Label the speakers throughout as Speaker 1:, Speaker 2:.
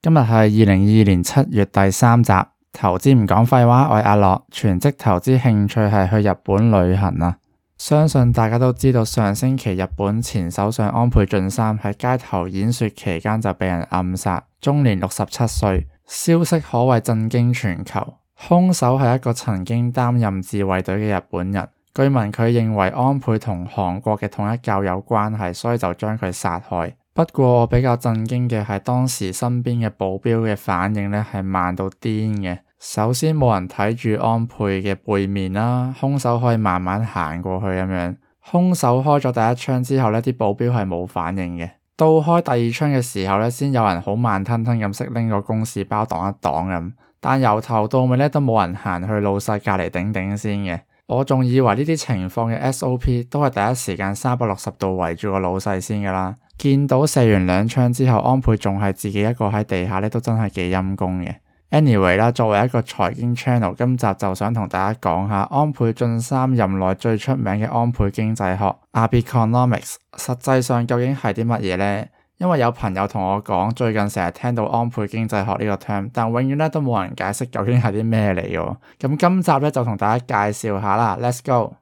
Speaker 1: 今日係二零二二年七月第三集，投資唔講廢話，我係阿樂，全職投資興趣係去日本旅行啊！相信大家都知道，上星期日本前首相安倍晉三喺街頭演說期間就被人暗殺，終年六十七歲，消息可謂震驚全球。兇手係一個曾經擔任自衛隊嘅日本人，據聞佢認為安倍同韓國嘅統一教有關係，所以就將佢殺害。不過我比較震驚嘅係當時身邊嘅保鏢嘅反應咧，係慢到癲嘅。首先冇人睇住安倍嘅背面啦，凶手可以慢慢行過去咁樣。凶手開咗第一槍之後咧，啲保鏢係冇反應嘅。到開第二槍嘅時候咧，先有人好慢吞吞咁識拎個公事包擋一擋咁。但由頭到尾咧都冇人行去老細隔籬頂頂先嘅。我仲以為呢啲情況嘅 SOP 都係第一時間三百六十度圍住個老細先噶啦。見到射完兩槍之後，安倍仲係自己一個喺地下咧，都真係幾陰功嘅。Anyway 啦，作為一個財經 channel，今集就想同大家講下安倍晉三任內最出名嘅安倍經濟學 Abenomics，實際上究竟係啲乜嘢呢？因為有朋友同我講，最近成日聽到安倍經濟學呢個 term，但永遠咧都冇人解釋究竟係啲咩嚟嘅。咁今集咧就同大家介紹下啦，Let's go。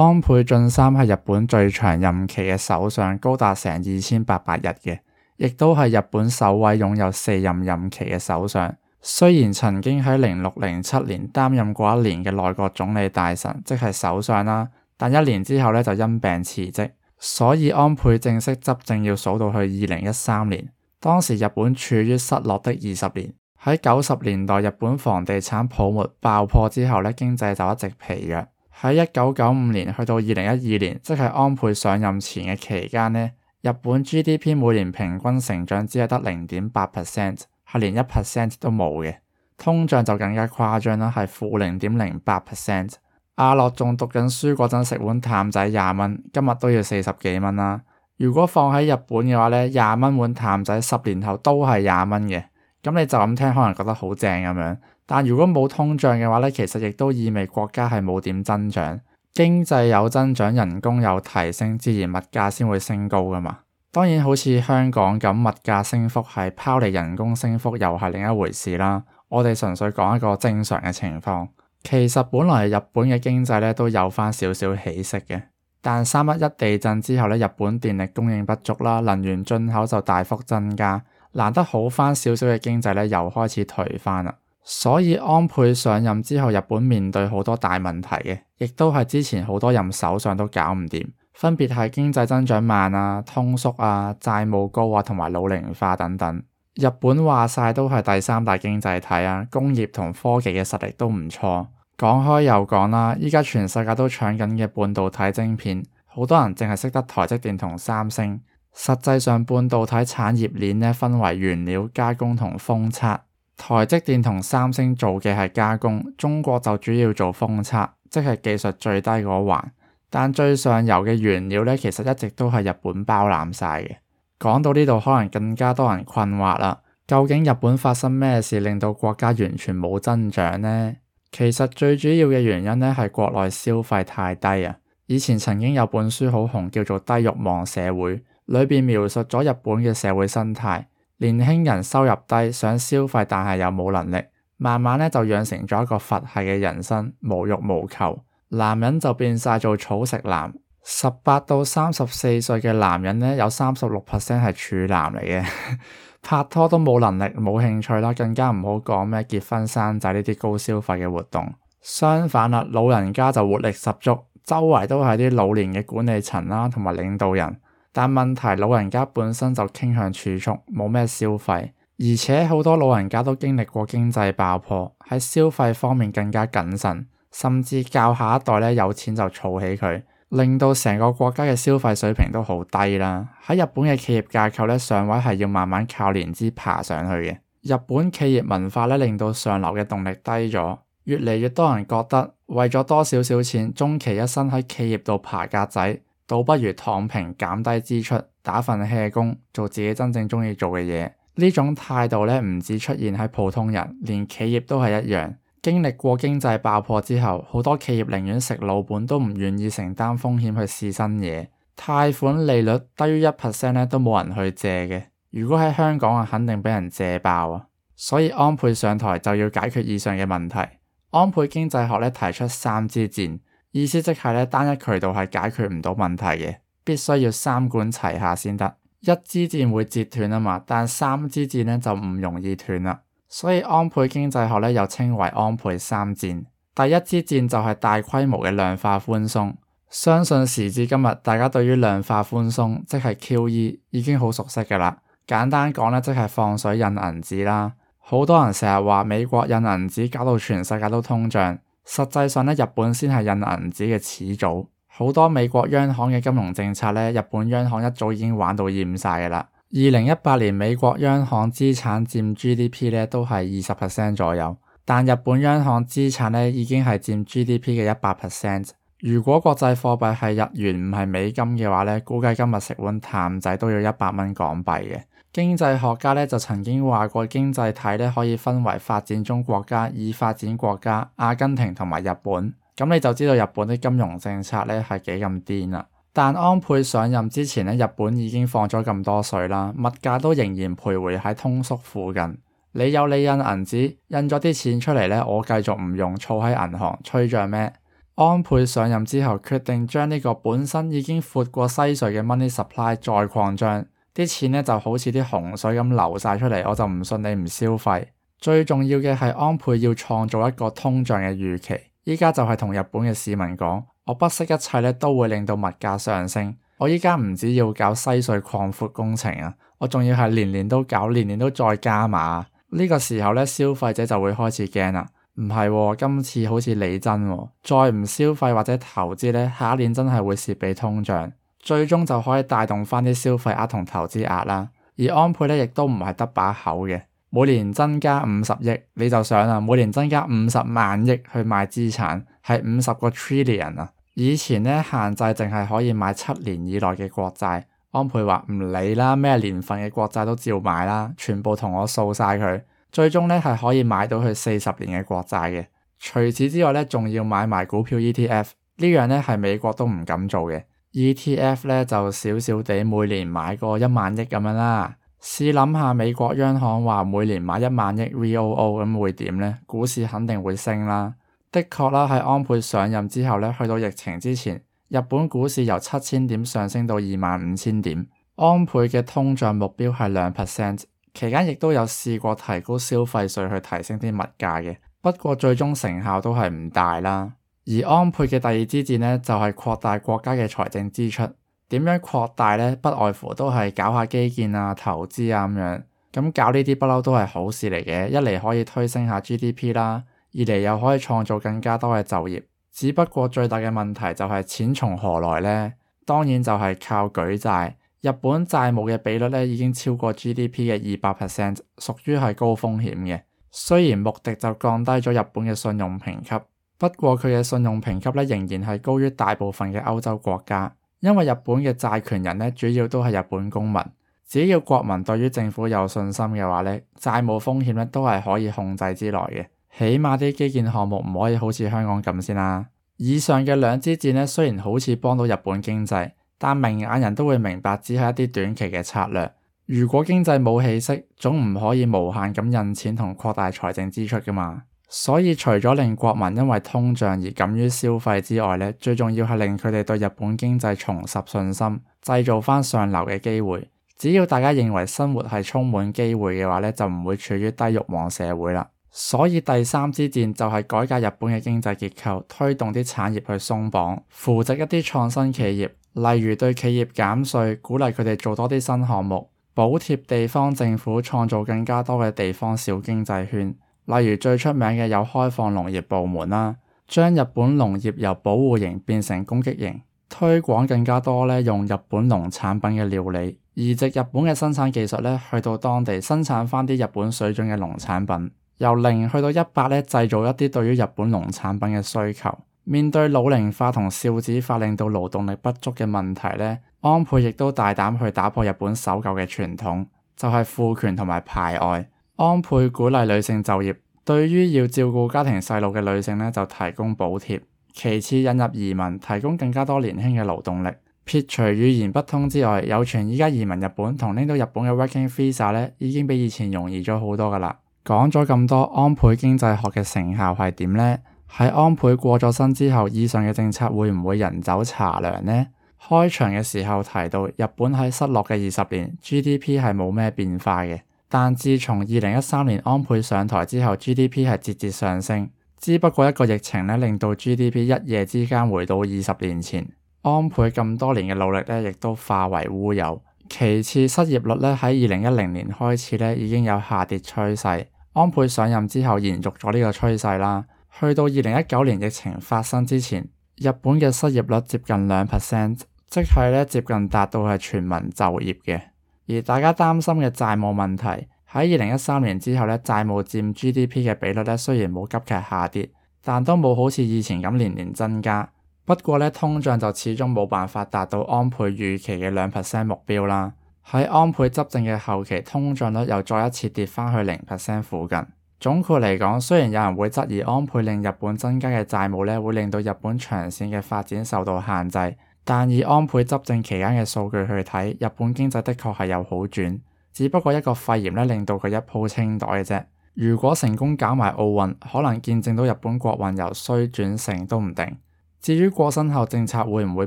Speaker 1: 安倍晉三係日本最長任期嘅首相，高達成二千八百日嘅，亦都係日本首位擁有四任任期嘅首相。雖然曾經喺零六零七年擔任過一年嘅內閣總理大臣，即係首相啦，但一年之後咧就因病辭職，所以安倍正式執政要數到去二零一三年。當時日本處於失落的二十年，喺九十年代日本房地產泡沫爆破之後咧，經濟就一直疲弱。喺一九九五年去到二零一二年，即係安倍上任前嘅期間呢，日本 GDP 每年平均成長只係得零點八 percent，係連一 percent 都冇嘅。通脹就更加誇張啦，係負零點零八 percent。阿樂仲讀緊書嗰陣食碗淡仔廿蚊，今日都要四十幾蚊啦。如果放喺日本嘅話呢，廿蚊碗淡仔十年後都係廿蚊嘅，咁你就咁聽可能覺得好正咁樣。但如果冇通脹嘅話咧，其實亦都意味國家係冇點增長，經濟有增長，人工有提升，自然物價先會升高㗎嘛。當然，好似香港咁，物價升幅係拋離人工升幅，又係另一回事啦。我哋純粹講一個正常嘅情況。其實本來日本嘅經濟咧都有翻少少起色嘅，但三一一地震之後咧，日本電力供應不足啦，能源進口就大幅增加，難得好翻少少嘅經濟咧又開始退翻啦。所以安倍上任之後，日本面對好多大問題嘅，亦都係之前好多任首相都搞唔掂，分別係經濟增長慢啊、通縮啊、債務高啊同埋老齡化等等。日本話晒都係第三大經濟體啊，工業同科技嘅實力都唔錯。講開又講啦，而家全世界都搶緊嘅半導體晶片，好多人淨係識得台積電同三星。實際上，半導體產業鏈呢，分為原料、加工同封測。台積電同三星做嘅係加工，中國就主要做封測，即係技術最低嗰環。但最上游嘅原料咧，其實一直都係日本包攬晒嘅。講到呢度，可能更加多人困惑啦。究竟日本發生咩事令到國家完全冇增長呢？其實最主要嘅原因咧，係國內消費太低啊。以前曾經有本書好紅，叫做《低欲望社會》，裏邊描述咗日本嘅社會生態。年輕人收入低，想消費但係又冇能力，慢慢咧就養成咗一個佛系嘅人生，無欲無求。男人就變晒做草食男。十八到三十四歲嘅男人咧，有三十六 percent 係處男嚟嘅。 拍拖都冇能力、冇興趣啦，更加唔好講咩結婚生仔呢啲高消費嘅活動。相反啦，老人家就活力十足，周圍都係啲老年嘅管理層啦，同埋領導人。但問題，老人家本身就傾向儲蓄，冇咩消費，而且好多老人家都經歷過經濟爆破，喺消費方面更加謹慎，甚至教下一代咧有錢就儲起佢，令到成個國家嘅消費水平都好低啦。喺日本嘅企業架構咧，上位係要慢慢靠年資爬上去嘅，日本企業文化咧令到上流嘅動力低咗，越嚟越多人覺得為咗多少少錢，終其一生喺企業度爬格仔。倒不如躺平減低支出，打份 hea 工，做自己真正中意做嘅嘢。呢種態度咧，唔止出現喺普通人，連企業都係一樣。經歷過經濟爆破之後，好多企業寧願食老本，都唔願意承擔風險去試新嘢。貸款利率低於一 percent 咧，都冇人去借嘅。如果喺香港，肯定俾人借爆啊。所以安倍上台就要解決以上嘅問題。安倍經濟學咧提出三支箭。意思即係咧，單一渠道係解決唔到問題嘅，必須要三管齊下先得。一支箭會折斷啊嘛，但三支箭咧就唔容易斷啦。所以安倍經濟學咧又稱為安倍三箭。第一支箭就係大規模嘅量化寬鬆，相信時至今日，大家對於量化寬鬆即係 QE 已經好熟悉㗎喇。簡單講呢，即係放水印銀紙啦。好多人成日話美國印銀紙搞到全世界都通脹。實際上日本先係印銀紙嘅始祖，好多美國央行嘅金融政策咧，日本央行一早已經玩到厭晒噶啦。二零一八年美國央行資產佔 GDP 都係二十 percent 左右，但日本央行資產咧已經係佔 GDP 嘅一百 percent。如果國際貨幣係日元唔係美金嘅話咧，估計今日食碗譚仔都要一百蚊港幣嘅。經濟學家咧就曾經話過，經濟體咧可以分為發展中國家、已發展國家、阿根廷同埋日本。咁你就知道日本的金融政策咧係幾咁癲啦。但安倍上任之前咧，日本已經放咗咁多水啦，物價都仍然徘徊喺通縮附近。你有你印銀紙，印咗啲錢出嚟咧，我繼續唔用，儲喺銀行，吹脹咩？安倍上任之後，決定將呢個本身已經闊過西水嘅 money supply 再擴張。啲錢咧就好似啲洪水咁流晒出嚟，我就唔信你唔消費。最重要嘅係安倍要創造一個通脹嘅預期，而家就係同日本嘅市民講，我不惜一切咧都會令到物價上升。我而家唔止要搞西隧擴闊工程啊，我仲要係年年都搞，年年都再加碼。呢個時候咧，消費者就會開始驚啦。唔係喎，今次好似理真喎，再唔消費或者投資咧，下一年真係會蝕俾通脹。最終就可以帶動翻啲消費額同投資額啦。而安倍咧亦都唔係得把口嘅，每年增加五十億，你就想啦，啊，每年增加五十萬億去買資產，係五十個 trillion 啊。以前咧限制淨係可以買七年以內嘅國債，安倍話唔理啦，咩年份嘅國債都照買啦，全部同我掃晒佢。最終咧係可以買到佢四十年嘅國債嘅。除此之外咧，仲要買埋股票 ETF 呢樣咧係美國都唔敢做嘅。ETF 咧就少少地每年買個一萬億咁樣啦。試諗下美國央行話每年買一萬億 VOO 咁會點咧？股市肯定會升啦。的確啦，喺安倍上任之後咧，去到疫情之前，日本股市由七千點上升到二萬五千點。安倍嘅通脹目標係兩 percent，期間亦都有試過提高消費稅去提升啲物價嘅，不過最終成效都係唔大啦。而安倍嘅第二支箭呢，就係擴大國家嘅財政支出。點樣擴大呢？不外乎都係搞下基建啊、投資啊咁樣。咁搞呢啲不嬲都係好事嚟嘅，一嚟可以推升下 GDP 啦，二嚟又可以創造更加多嘅就業。只不過最大嘅問題就係錢從何來呢？當然就係靠舉債。日本債務嘅比率呢已經超過 GDP 嘅二百 percent，屬於係高風險嘅。雖然目的就降低咗日本嘅信用評級。不過佢嘅信用評級仍然係高於大部分嘅歐洲國家，因為日本嘅債權人咧主要都係日本公民，只要國民對於政府有信心嘅話咧，債務風險都係可以控制之內嘅。起碼啲基建項目唔可以好似香港咁先啦。以上嘅兩支箭咧雖然好似幫到日本經濟，但明眼人都會明白只係一啲短期嘅策略。如果經濟冇起色，總唔可以無限咁印錢同擴大財政支出㗎嘛。所以除咗令國民因為通脹而敢於消費之外咧，最重要係令佢哋對日本經濟重拾信心，製造翻上流嘅機會。只要大家認為生活係充滿機會嘅話咧，就唔會處於低慾望社會啦。所以第三支箭就係改革日本嘅經濟結構，推動啲產業去鬆綁，扶植一啲創新企業，例如對企業減稅，鼓勵佢哋做多啲新項目，補貼地方政府，創造更加多嘅地方小經濟圈。例如最出名嘅有開放農業部門啦，將日本農業由保護型變成攻擊型，推廣更加多咧用日本農產品嘅料理，移植日本嘅生產技術咧去到當地生產翻啲日本水準嘅農產品，由零去到一百咧製造一啲對於日本農產品嘅需求。面對老齡化同少子化令到勞動力不足嘅問題咧，安倍亦都大膽去打破日本守舊嘅傳統，就係父權同埋排外。安倍鼓勵女性就業，對於要照顧家庭細路嘅女性呢，就提供補貼。其次引入移民，提供更加多年輕嘅勞動力。撇除語言不通之外，有傳而家移民日本同拎到日本嘅 working visa 呢，已經比以前容易咗好多噶啦。講咗咁多，安倍經濟學嘅成效係點呢？喺安倍過咗身之後，以上嘅政策會唔會人走茶涼呢？開場嘅時候提到，日本喺失落嘅二十年，GDP 係冇咩變化嘅。但自從二零一三年安倍上台之後，GDP 係節節上升，只不過一個疫情咧，令到 GDP 一夜之間回到二十年前。安倍咁多年嘅努力咧，亦都化為烏有。其次，失業率咧喺二零一零年開始咧已經有下跌趨勢，安倍上任之後延續咗呢個趨勢啦。去到二零一九年疫情發生之前，日本嘅失業率接近兩 percent，即係咧接近達到係全民就業嘅。而大家擔心嘅債務問題喺二零一三年之後咧，債務佔 GDP 嘅比率咧雖然冇急劇下跌，但都冇好似以前咁年年增加。不過通脹就始終冇辦法達到安倍預期嘅兩 percent 目標啦。喺安倍執政嘅後期，通脹率又再一次跌返去零 percent 附近。總括嚟講，雖然有人會質疑安倍令日本增加嘅債務咧，會令到日本長線嘅發展受到限制。但以安倍執政期間嘅數據去睇，日本經濟的確係有好轉，只不過一個肺炎呢，令到佢一鋪清袋嘅啫。如果成功搞埋奧運，可能見證到日本國運由衰轉盛都唔定。至於過身後政策會唔會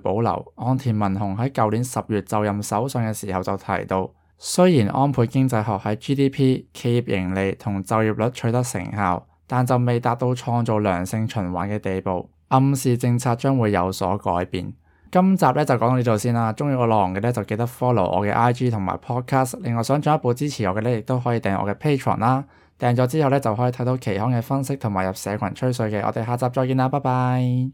Speaker 1: 保留，岸田文雄喺舊年十月就任首相嘅時候就提到，雖然安倍經濟學喺 GDP、企業盈利同就業率取得成效，但就未達到創造良性循環嘅地步，暗示政策將會有所改變。今集咧就講到的的呢度先啦，鍾意我內容嘅咧就記得 follow 我嘅 IG 同埋 podcast，另外想進一步支持我嘅咧亦都可以訂我嘅 Patreon 啦，訂咗之後咧就可以睇到期刊嘅分析同埋入社群吹水嘅，我哋下集再見啦，拜拜。